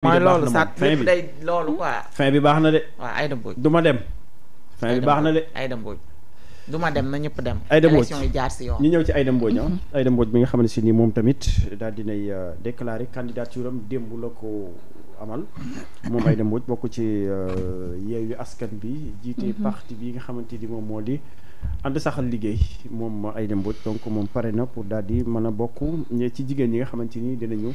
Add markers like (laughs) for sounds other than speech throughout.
mooy loolu saat lépp day loolu quoi. fin bi baax na de. waaw Aïda Mbodj dem. fin bi baax na de Aïda Mbodj du ma dem na ñëpp dem. Aïda Mbodj élection yi jaar si yoon. ñu ñëw ci Aïda Mbodj ah. Mm-hmm. Aïda Mbodj bi nga xam ne si ni moom tamit daal dinay euh, déclarer candidature am démb la ko amal mm-hmm. moom Aïda Mbodj bokk ci euh, yeewu askan bi. jiite mm-hmm. parti bi nga xamante ni moom moo di. ànd saxal liggéey moom Aïda Mbodj donc moom pare na pour daal di mën a bokk ci jigéen ñi nga xamante ni dinañu.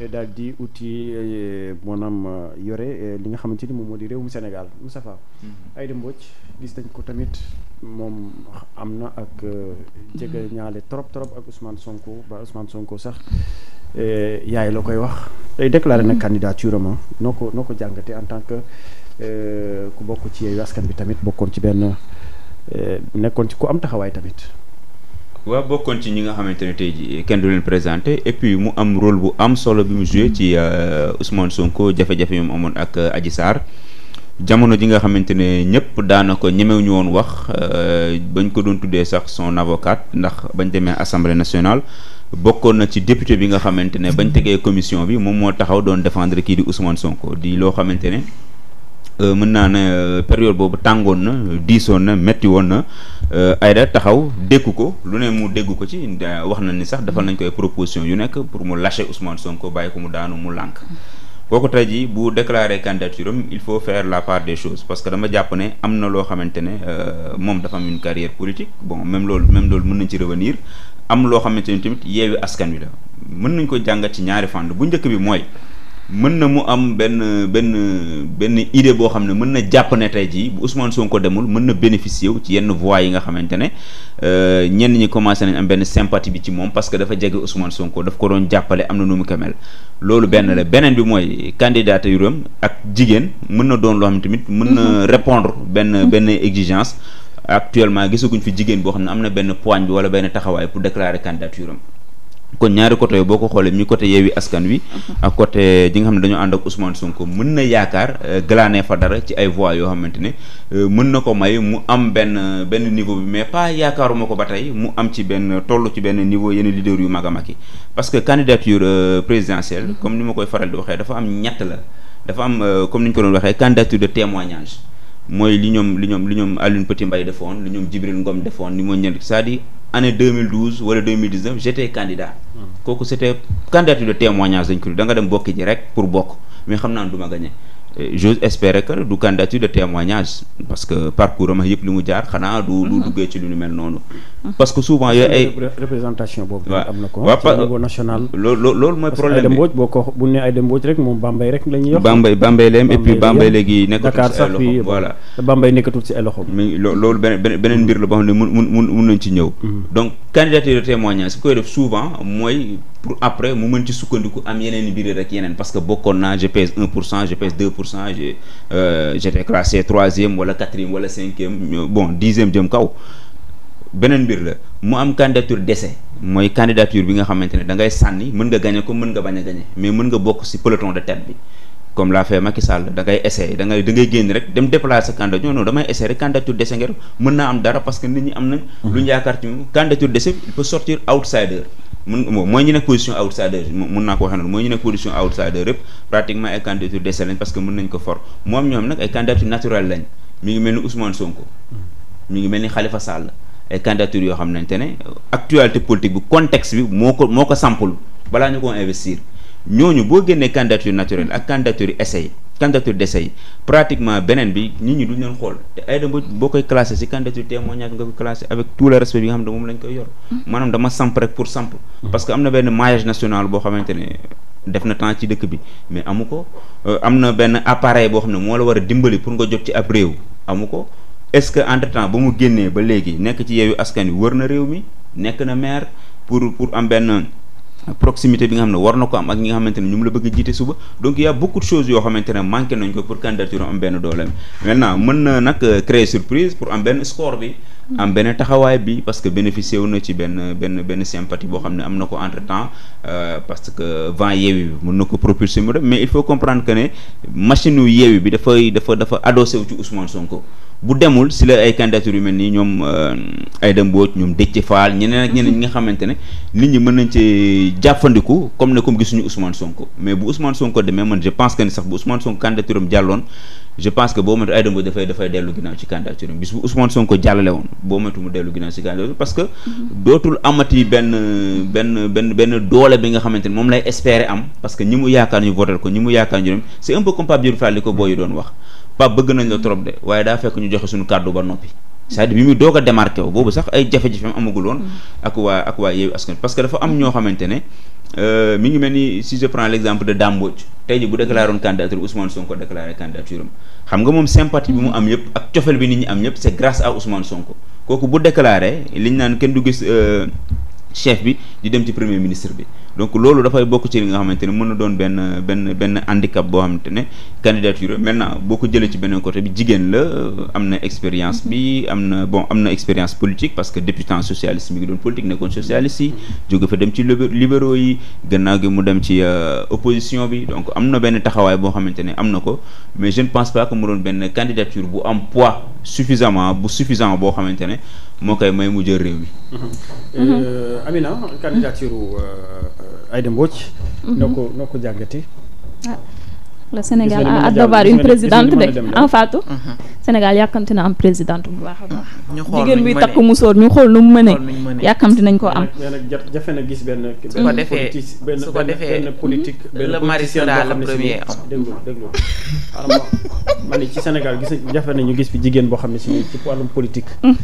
Eh, daal di uti eh, maanaam eh, yore li nga xamante ni moom moo di réew mu Sénégal Moustapha mhm. Aïda Mbodj gis nañ ko tamit moom am na ak jege mhm. ñaale trop trop ak Ousmane Sonko ba Ousmane Sonko sax yaay la koy wax day déclaré nag mhm. candidature am ah. noo ko noo ko jàngatee en tant que ku bokk ci yeeyu askan bi tamit bokkoon ci benn nekkoon ci ku am taxawaay tamit waaw bokkoon ci ñi nga xamante ne tey jii kenn du leen présenté et puis mu am role bu am solo bu mu joué ci euh, Ousmane Sonko jafe-jafe yu mu amoon ak euh, Adji Sarr jamono ji nga xamante ne ñëpp daana ko ñemewuñu woon wax euh, bañ ko doon tuddee sax son avocat ndax bañ demee assemblée nationale bokkoon na ci député bi nga xamante ne bañ tegee commission bi moom moo taxaw doon defendre kii di Ousmane Sonko di loo xamante ne. Euh, mën naa ne euh, période boobu tàngoon na diisoon na métti woon na euh, Aïda taxaw dégg ko lu ne mu dégg ko ci wax na ni sax defal nañ koy proposition yu nekk pour mu lâcher Ousmane Sonko bàyyi ko mu daanu mu lànk kooku tey jii bu déclarer candidature am il faut faire la part des choses parce que dama jàpp ne am na loo xamante ne moom dafa am une carrière politique bon même loolu même loolu mën nañ ci revenir am loo xamante ni tamit yeewi askan wi la mën nañ ko jàngat ci ñaari fànn bu njëkk bi mooy mën na mu am benn benn benn idée boo xam ne mën na jàpp ne tey jii bu Ousmane Sonko demul mën na bénéficier wu ci yenn voix yi nga xamante ne euh, ñenn ñi commencé nañ am benn sympathie bi ci moom parce que dafa jege Ousmane Sonko daf ko doon jàppale am na nu mu ko mel loolu benn la beneen bi mooy candidat yuram ak jigéen mën na doon loo xam ne tamit mën na mm-hmm. répondre benn mm-hmm. benn exigence actuellement gisaguñ fi jigéen boo xam ne am na benn poigne bi wa benn taxawaay pour déclarer candidature am kon ñaari côté yooyu boo ko xoolee mi côté Yewwi Askan Wi mhm. ak côté ji nga xam ne dañoo ànd ak Ousmane Sonko mën na yaakaar euh, galaanee fa dara ci ay voix yoo xamante ne euh, mën na ko may mu am benn benn niveau bi mais pas yaakaaruma ko ba tey mu am ci benn toll ci benn niveau yenn leader yu mag a mag yi parce que candidature euh, présidentielle mhm. comme ni ma koy faral di waxee dafa am ñett la dafa am comme ni ñu ko doon waxee candidature de témoignage mooy li ñoom li ñoom li ñoom Alioune Petit Mbaye defoon li ñoom Djibril Ngom defoon ni moo ñëw année 2012 wala 2019 j'étais candidat. Hmm. kooku c'était candidature de témoignage dañ ko da nga dem bokki ji rek pour bokk mais xam naa ne du ma j'ose espérer que du candidature de témoignage parce que parcours ma yëpp li mu jaar xanaa du du mhm. duggee ci lu ñu mel noonu. Mhm. parce que souvent yooyu ay. représentation boobu. am na ko national. loolu loolu mooy problème bi boo ko bu ñu nee Aïda Mbodj rek moom Bambey rek la ñuy wax. Bambey Bambey la et puis Bambey léegi nekkatul si ay loxo voilà. Bambey si ay loxo. mais loolu beneen beneen mbir la boo xam ne mun mun mun nañ ci ñëw. Mhm. donc candidature de témoignage su koy def souvent mooy. pour après mu mën ci sukkandiku am yeneen biir rek yeneen parce que bokkoon naa je pèse un pour cent je deux pour cent j'ai euh, j'étais classé troisième wala quatrième wala cinquième euh, bon dixième jëm kaw beneen mbir la mu am candidature d'essai mooy candidature bi nga xamante ne da ngay sànni mën nga gagner ko mën nga bañ a mais mën nga bokk si peloton de tête bi comme l'a fait Macky Sall da ngay essayer da génn rek dem déplacer candidature non non damay essayer rek candidature d'essai nga mën naa am parce que nit ñi am nañ. Mhm. lu ñu yaakaar ci candidature d'essai mun mooy ñu nekk ñu nekk position outsider yëpp pratiquement ay candidature dese lañ parce que mën nañ ko for moom ñoom nag ay candidature naturelle lañ mi ngi mel hmm. ngi mel ni Khalifa Sall ay candidature yoo xam ne actualité politique bi contexte bi moo ko moo ko sampul balaa ñu ko investir ñooñu boo génnee candidature naturelle ak candidature essai candidature d'essai yi pratiquement beneen bi nit ñi duñ xool te Aïda Mbodj boo koy classé si candidature témoignage nga ko classé avec tout le respect bi nga xam ne moom lañ koy yor mm-hmm. maanaam dama samp rek pour samp mm-hmm. parce que am na benn maillage national boo xamante ne def na temps ci dëkk bi mais amu ko euh, am na benn appareil boo xam ne moo la war a dimbali pour nga jot ci ab réew amu ko est-ce que entre temps ba mu génnee ba léegi nekk ci yeewu askan wi wër na réew mi nekk na maire pour pour proximité bi nga xam ne war na ko am ak ñi nga xamante ne ñu la bëgg a jiite suba donc y a beaucoup de choses yoo xamante ne manqué nañ ko pour candidature am benn dooleem maintenant mën na nag créer surprise pour am benn score bi am beneen taxawaay bi parce que bénéficié wu na ci benn benn benn sympathie boo xam ne am na ko entre temps euh, parce que vent yeewi bi mën na ko propulser mu dem mais il faut comprendre que ne machine wu yeewi bi dafay dafa dafa adossé wu ci Ousmane Sonko bu demul si la ay candidature yu mel nii ñoom euh, dem boot ñoom Déthié Fall ñeneen ak ñeneen ñi nga xamante ne nit ñi mën nañ ci jàppandiku comme ne comme gisuñu Ousmane Sonko mais bu Ousmane Sonko demee man je pense que ni sax bu je pense que boo moytu Aïda Mbodj dafay dafay dellu ginnaaw ci candidature bis bu Ousmane Sonko jàllale woon boo moytu mu dellu ginnaaw ci candidature parce que mhm. dootul amati benn benn benn benn doole bi nga xamante ni moom lay espérer am parce que ñi mu yaakaar ñu voter mu yaakaar ñu dem c'est un peu comme Pape Djibril waaye daa fekk ñu joxe suñu kàddu ba noppi c'est-à-dire bi muy doog a démarqué wu boobu sax ay jafe-jafeem amagul woon mhm. ak waa ak waa Yewwi Askan parce que dafa am ñoo xamante ne Euh, mi ngi mel ni si je prends l' exemple de Dame Mbodj tey ji bu déclaré woon candidature Ousmane Sonko déclaré candidature am xam nga moom sympathie bi mu am yëpp ak cofel bi nit ñi am yëpp c' est grâce à son Sonko kooku bu déclaré liñ naan kenn du gis euh, chef bi di dem ci premier ministre bi. donc loolu dafay bokk ci li nga xamante ne mën na doon benn benn benn handicap boo xamante ne candidature maintenant boo ko jëlee ci beneen côté bi jigéen la am na expérience bi am na bon am na expérience politique parce que députant socialiste mi ngi doon politique nekkoon socialiste yi jóge fa dem ci libéraux yi mu dem ci euh, opposition bi donc am na benn taxawaay boo xamante ne am na ko mais je ne pense pas mu doon benn candidature bu am poids suffisamment bu suffisant boo xamante ne moo koy may mu jël réew mi mmh. euh, Aïda Mbodj. Mhm. noo ko noo ko jàngatee. Ah, le Sénégal a à devoir une présidente de en Fatou. Mhm. Sénégal yàkkamti na am présidente bu baax a baax. Ah, ñu xool jigéen bi takk musóor ñu xool nu mu mënee. yàkkamti nañ ko am. jafe na gis benn. su ko defee su ko defee benn politique. Hmm? le mari sera le ah, ma ne ci Sénégal gis jafe na ñu gis fi jigéen boo xam ne si ci wàllum politique. Hmm.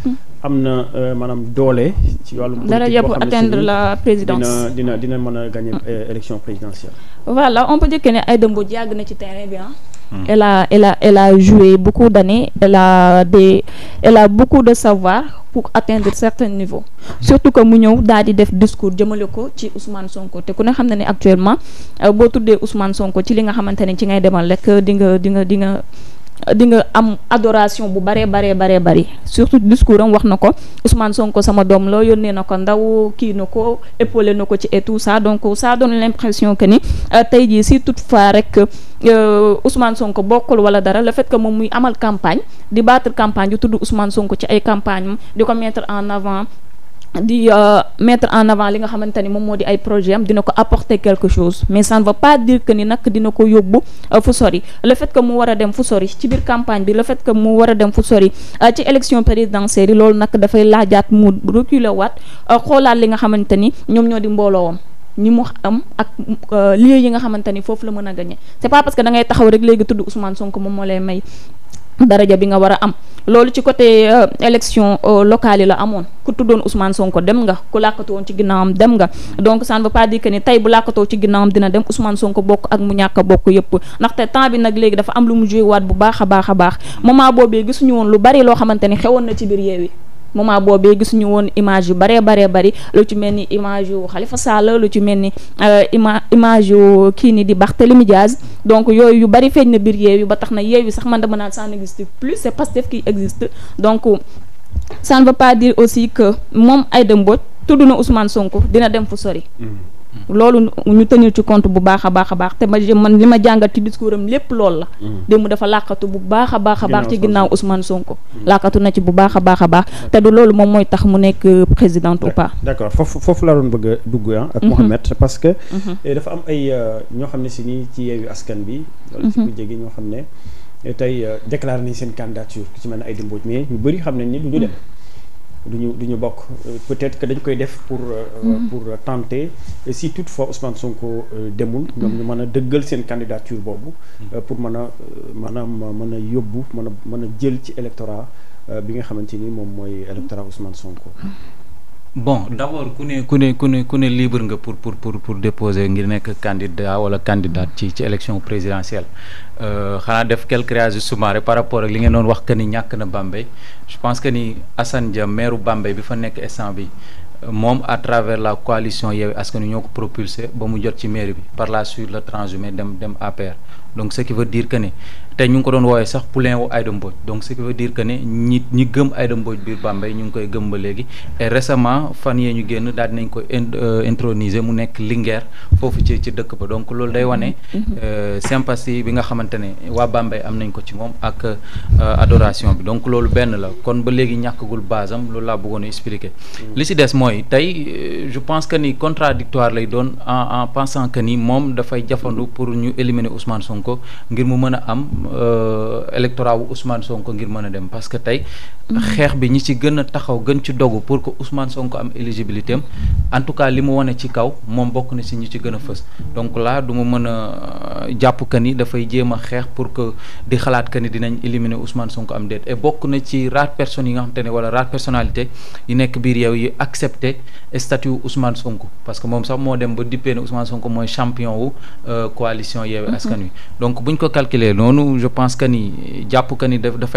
am na euh, maanaam doole. ci wàllum politique dara yëpp atteindre la présidence dina dina dina mën a gagner hmm. euh, élection présidentielle. voilà on peut dire que ne Aïda yàgg na ci terrain bi ah. elle a elle a elle a joué beaucoup d'années elle a des elle a beaucoup de savoir pour atteindre certains niveaux surtout que mu ñëw daal di def discours jëmale ko ci Ousmane Sonko te ku ne xam ne ni actuellement euh, boo tuddee Ousmane Sonko ci li nga xamante ne ci ngay demal rek dinga nga di nga di nga di nga am adoration bu baree baree baree bari surtout discours am wax na ko Ousmane Sonko sama doom loo yónnee na ko ndaw kii na ko épaulé na ko ci et tout ça donc ça donne l'impression que ni euh, tey jii si toutefois rek euh, Ousmane Sonko bokkul wala dara le fait que moom muy amal campagne di battre campagne di tudd Ousmane Sonko ci ay campagne di ko mettre en avant di euh, mettre en avant li nga xamante ni moom moo di ay projet am dina ko apporter quelque chose mais ça ne veut pas dire que ni nag dina ko yóbbu euh, fu sori le fait que mu war a dem fu sori ci biir campagne bi le fait que mu war a dem fu sori euh, ci élection présidentielle yi loolu nag dafay laajaat mu reculer waat xoolaat li nga xamante ni ñoom ñoo di mbooloowam ñi mu am ak lieu yi nga xamante ni foofu la mën a gagné c'est pas parce que da ngay taxaw rek léegi tudd Ousmane Sonko moom moo lay may daraja bi nga war a am. loolu ci côté euh, élection euh, locale yi la amoon ku tuddoon Ousmane Sonko dem nga ku làkkatu woon ci ginnaawam dem nga donc ça ne veut ni tey bu làkkatoo ci ginnaawam dina dem Ousmane Sonko bokk ak mu ñàkk bokk yëpp ndaxte temps bi nag léegi dafa am lu mu waat bu baax a baax a baax moment boobee gisuñu woon lu bari loo xamante ni xewoon na ci biir Yewwi moment boobee gisuñu woon image yu baree baree bari lu ci mel ni image yu Khalifa Sall lu ci mel ni euh, ima image yu kii nii di Barthélémy Diaz donc yooyu yu bari feeñ na biir Yewwi ba tax na yi sax man dama naan ça n'existe plus c'est Pastef qui existe donc ça ne veut pas dire aussi que moom ay Mbodj tudd na Ousmane Sonko dina dem fu sori mm. loolu ñu tenir ci compte bu baax a baax a baax te ma man li ma jàngat ci discours am lépp loolu la mm. démb dafa làqatu bu baax a baax a baax ci ginnaaw Ousmane Sonko mm. làqatu na ci bu baax a baax a baax te du loolu moom mooy tax mu nekk euh, président ou pas d'accord foofu foofu la doon bëgg a dugg ah ak mm-hmm. Mohamed parce que mm-hmm. eh, dafa am ay euh, ñoo xam ne si nii ci yeewu askan bi wala ci ku mm-hmm. jege ñoo xam ne eh, tey euh, déclaré nañ seen candidature ku ci mel ne Aïda Mbodj mais ñu bëri xam nañ ni du ñu dem du ñu du ñu bokk euh, peut-être que dañ koy def pour euh, mm-hmm. pour euh, tenter si toutefois Ousmane Sonko demul ñoom ñu mm-hmm. mën a dëggal seen candidature boobu pour mën a maanaam mën a yóbbu mën a mën a jël ci électorat bi nga xamante ni moom mooy électorat Ousmane Sonko bon d' abord ku ne ku ne ku ne ku ne libre nga pour pour pour pour déposer ngir nekk candidat wala candidate ci ci élection présidentielle euh, xanaa def quelques réages sumaires par rapport ak li ngeen doon wax que ni ñàkk na Bambey je pense que ni Assane Dia maire Bambey bi fa nekk instant bi moom à travers la coalition Yewwi Askan Wi ñoo ko propulsé ba mu jot ci maire bi par la suite la transhumé dem dem APR donc ce qui veut dire que ni tey ñu ngi ko doon woowee sax poulain wu Aïda Mbodj donc ce qui veut dire que ne ñi ñi gëm Aïda Mbodj biir Bambey ñu ngi koy gëm ba léegi et récemment fan yee ñu génn daal dinañ ko euh, introniser mu nekk Linguère foofu ci ci dëkk ba donc loolu day wane mm-hmm. Mm-hmm. Euh, sympathie bi nga xamante ne waa Bambey am nañ ko ci moom ak euh, adoration bi donc loolu benn la kon ba léegi ñàkkagul base loolu laa bëggoon a expliquer mm-hmm. li si des mooy tey je pense que ni contradictoire lay doon en en pensant que ni moom dafay jafandu pour ñu éliminer Ousmane Sonko ngir mu mën a am Euh, électorat wu Ousmane Sonko ngir mën a dem parce que tey xeex bi ñi ci gën a taxaw gën ci dogu pour que Ousmane Sonko am éligibilité am li mu wane ci kaw moom bokk na si ñi ci gën a fës donc là du ma mën a euh, jàpp que ni dafay jéem a xeex pour que di xalaat que ni dinañ éliminer Ousmane Sonko am déet bokk na ci rare personnes yi nga xamante ne wala rare personnalité yi nekk biir yow yi accepté statut Ousmane Sonko parce que moom sax moo dem ba dippee ne Ousmane mooy champion wu euh, coalition Yewwi mm-hmm. Askan Wi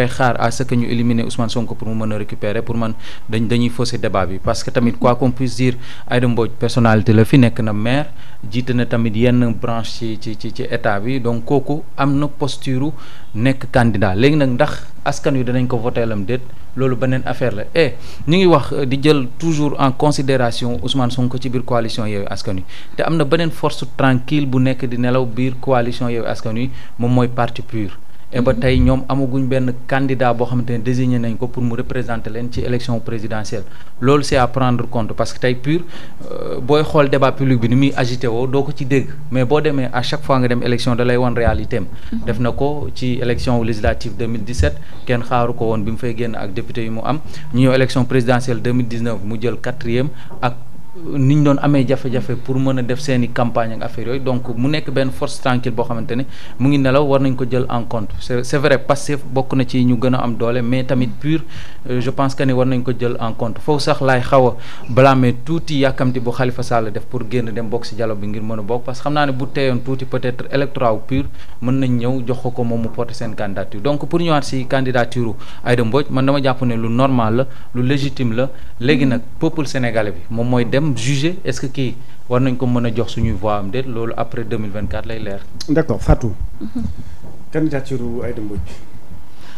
xaar à ce ñu éliminer Ousmane Sonko Sonko pour mu mën a récupérer pour man dañ dañuy fausser débat bi parce que tamit quoi qu'on puisse dire Aïda Mbodj personnalité la fi nekk na maire jiite na tamit yenn branche ci ci ci ci état bi donc kooku am na posture nekk candidat léegi nag ndax askan wi danañ ko voté lam déet loolu beneen affaire la et eh, ñu ngi wax di jël toujours en considération Ousmane Sonko ci biir coalition Yewwi Askan Wi te am na beneen force tranquille bu nekk di nelaw biir coalition Yewwi Askan Wi moom mooy parti et ba tey ñoom amaguñ benn candidat boo xamante ne désigné nañ ko pour mu représenter leen ci élection présidentielle loolu c'est à prendre compte parce que tey pur euh, booy xool débat public bi ni muy agité woo doo ko ci dégg mais boo demee à chaque fois nga dem élection da lay réalité am mm-hmm. def na ko ci élection législative 2017 kenn xaaru ko woon bi mu fay génn ak député yu mu am ñu ñëw élection présidentielle 2019 mu jël quatrième ak ni ñu doon amee jafe-jafe pour mën a def seen i campagne ak affaire yooyu donc mu nekk benn force tranquille boo xamante ne mu ngi nelaw war nañ ko jël en compte c'est c'est bokk na ci ñu gën a am doole mais tamit pur euh, je pense que ni war nañ ko jël en compte foofu sax laay xaw a blâmer tuuti yàkkamti bu xalifa Sall def pour génn dem bokk si dialogue bi ngir mën a bokk parce que xam naa ne bu teyoon tuuti peut-être électorat wu pur mën nañ ñëw jox ko ko moom mu porter seen candidature donc pour ñëwaat si candidature Aïda Mbodj man dama jàpp ne lu la lu légitime la léegi nag peuple sénégalais bi moom mooy dem dem juger est-ce que kii war nañ ko mën a jox suñuy voix am déet loolu après lay leer. d'accord Fatou. candidature mm-hmm. Aïda Mbodj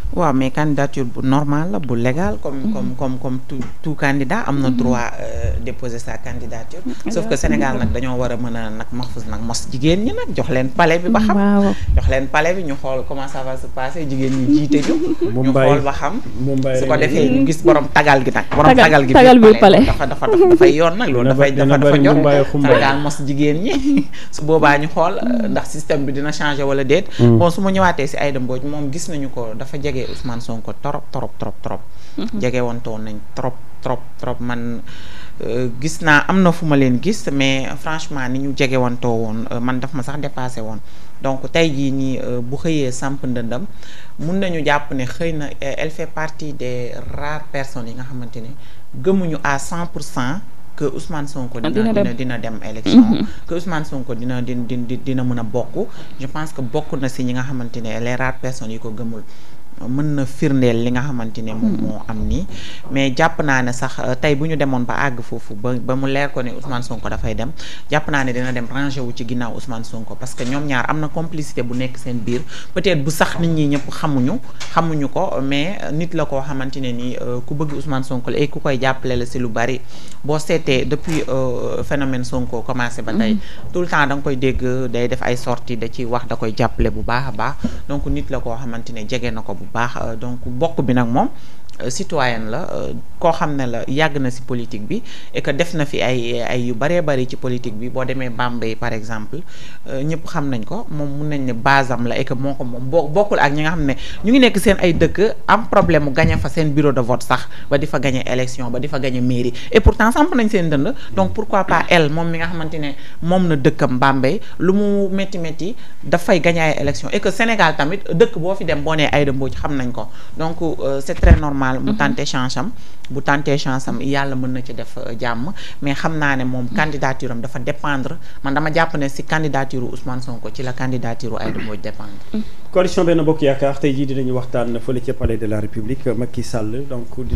waaw mais candidature bu normal la bu légal comme mm-hmm. comme comme tout na mm-hmm. droit euh, déposer sa candidature mm-hmm. sauf que Sénégal nag dañoo war a mën a nag maxfus nag mos jigéen ñi nag jox leen palais bi ba xam jox leen palais bi ñu xool comment ça va se passer jigéen ñi jiite ñu ñu xool ba xam su ko defee ñu gis borom tagal gi nag borom tagal gi biir palais dafa dafa dafay yoon nag loolu dafay dafa dafa jot Sénégal mos jigéen ñi (laughs) su boobaa ñu xool euh, ndax système bi dina changer wala déet mm. bon su ma ñëwaatee si Aïda Mbodj moom gis nañu jege Ousmane Sonko trop trop trop trop. Mhm. jege wantoon nañ trop trop trop man euh, gis naa am na fu ma leen gis mais franchement ni ñu jege wantoo woon euh, man daf ma sax dépassé woon. donc tey jii nii euh, bu xëyee samp ndëndam mun nañu jàpp ne xëy na elle fait partie des rares personnes yi nga xamante ne gëmuñu à 100 pour cent. que Ousmane Sonko ah, dina dina dina dem élection mhm. que Ousmane Sonko dina dina dina dina mën a bokk je pense que bokk na si ñi nga xamante ne les rares personnes yi ko gëmul mën na firndeel li nga xamante ne moom moo am nii mais jàpp naa ne sax euh, tey bu ñu demoon ba àgg foofu ba ba mu leer ko ne Ousmane Sonko dafay dem jàpp naa ne dina dem rangé wu ci ginnaaw Ousmane Sonko parce que ñoom ñaar am na complicité bu nekk seen biir peut-être bu sax nit ñi ñëpp xamuñu xamuñu ko mais nit la koo xamante ne nii euh, ku bëgg usman sonk la et ku koy jàppale la si lu bari boo seetee depuis euh, phénomène Sonko commencé ba tey mm-hmm. tout le temps da nga koy dégg day def ay sorti da ciy wax da koy jàppale bu baax a baax donc nit la koo xamante ne jege na ko baax euh, donc bokk bi nag moom Euh, citoyenne la euh, koo xam ne la yàgg na ci politique bi et que def na fi ay ay yu baree bari ci politique bi boo demee Bambey par exemple euh, ñëpp xam nañ ko moom mun nañ ne base am la et que moo ko moom boo bokkul ak ñi nga xam ne ñu ngi nekk seen ay dëkk am problème mu gagné fa seen bureau de vote sax ba di fa gagné élection ba di fa gagné mairie et pourtant samp nañ seen dënd donc pourquoi pas elle moom mi nga xamante ne moom na dëkkam Bambey lu mu métti métti dafay gagné ay élection et que Sénégal tamit dëkk boo fi dem boo nee ay dëmboo ci xam nañ ko donc c'est très normal normal mu mhm. tante chance am bu tante chance am yàlla mën na ci def euh, jàmm mais xam naa ne moom mhm. candidature am dafa dépendre man dama jàpp ne si candidature Ousmane Sonko ci la candidature Aïda Mbodj dépendre mhm. coalition benn bokk yaakaar tey jii dinañu waxtaan fële ca de la République Macky Sall donc